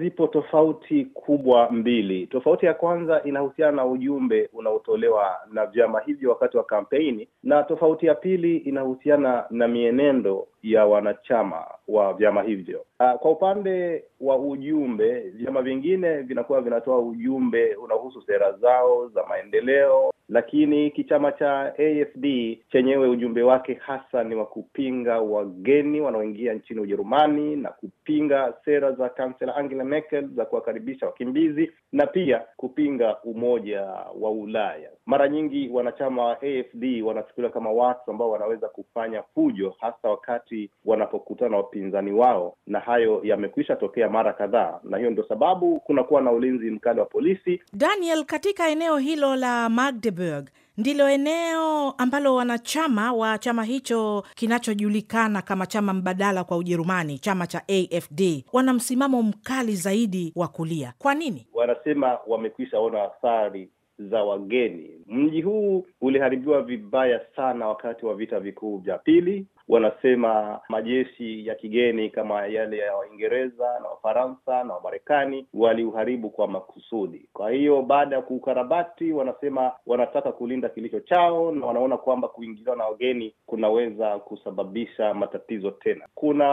Zipo tofauti kubwa mbili. Tofauti ya kwanza inahusiana na ujumbe unaotolewa na vyama hivyo wakati wa kampeni, na tofauti ya pili inahusiana na mienendo ya wanachama wa vyama hivyo. Uh, kwa upande wa ujumbe, vyama vingine vinakuwa vinatoa ujumbe unaohusu sera zao za maendeleo, lakini kichama cha AFD chenyewe ujumbe wake hasa ni wa kupinga wageni wanaoingia nchini Ujerumani na kupinga sera za kansela Angela Merkel za kuwakaribisha wakimbizi na pia kupinga umoja wa Ulaya. Mara nyingi wanachama wa AFD wanachukuliwa kama watu ambao wanaweza kufanya fujo, hasa wakati wanapokutana na wapinzani wao na hayo yamekwisha tokea mara kadhaa, na hiyo ndio sababu kunakuwa na ulinzi mkali wa polisi. Daniel, katika eneo hilo la Magdeburg ndilo eneo ambalo wanachama wa chama hicho kinachojulikana kama chama mbadala kwa Ujerumani, chama cha AfD, wana msimamo mkali zaidi wa kulia. Kwa nini? Wanasema wamekwisha ona athari za wageni Mji huu uliharibiwa vibaya sana wakati wa vita vikuu vya pili. Wanasema majeshi ya kigeni kama yale ya Waingereza na Wafaransa na Wamarekani waliuharibu kwa makusudi. Kwa hiyo baada ya kuukarabati, wanasema wanataka kulinda kilicho chao, na wanaona kwamba kuingiliwa na wageni kunaweza kusababisha matatizo tena. Kuna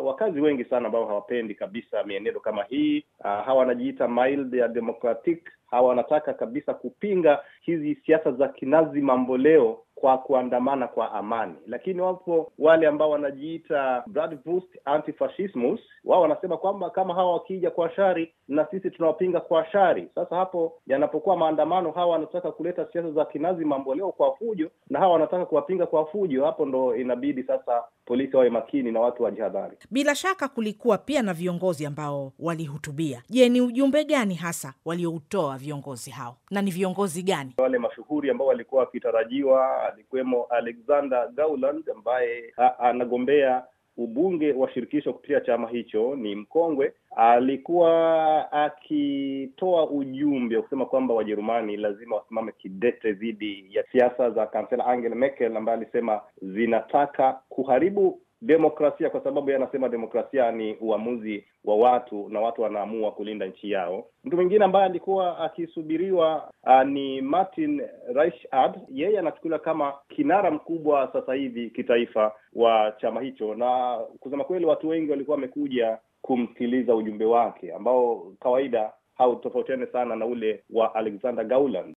wakazi wengi sana ambao hawapendi kabisa mienendo kama hii. Uh, hawa wanajiita mild ya democratic, hawa wanataka kabisa kupinga hizi hizi siasa za kinazi mamboleo kwa kuandamana kwa amani, lakini wapo wale ambao wanajiita Bratwurst antifascismus. Wao wanasema kwamba kama hawa wakija kwa shari na sisi tunawapinga kwa shari. Sasa hapo yanapokuwa maandamano, hawa wanataka kuleta siasa za kinazi mamboleo kwa fujo, na hawa wanataka kuwapinga kwa fujo. Hapo ndo inabidi sasa polisi wawe makini na watu wajihadhari. Bila shaka kulikuwa pia na viongozi ambao walihutubia. Je, ni ujumbe gani hasa walioutoa viongozi hao, na ni viongozi gani wale mashuhuri ambao walikuwa wakitarajiwa akiwemo Alexander Gauland ambaye anagombea ubunge wa shirikisho kupitia chama hicho, ni mkongwe. Alikuwa akitoa ujumbe wa kusema kwamba Wajerumani lazima wasimame kidete dhidi ya siasa za kansela Angela Merkel ambaye alisema zinataka kuharibu demokrasia, kwa sababu yanasema demokrasia ni uamuzi wa watu na watu wanaamua kulinda nchi yao. Mtu mwingine ambaye alikuwa akisubiriwa ah, ni Martin Reichardt. Yeye anachukuliwa kama kinara mkubwa sasa hivi kitaifa wa chama hicho, na kusema kweli, watu wengi walikuwa wamekuja kumsikiliza ujumbe wake ambao kawaida hautofautiane sana na ule wa Alexander Gauland.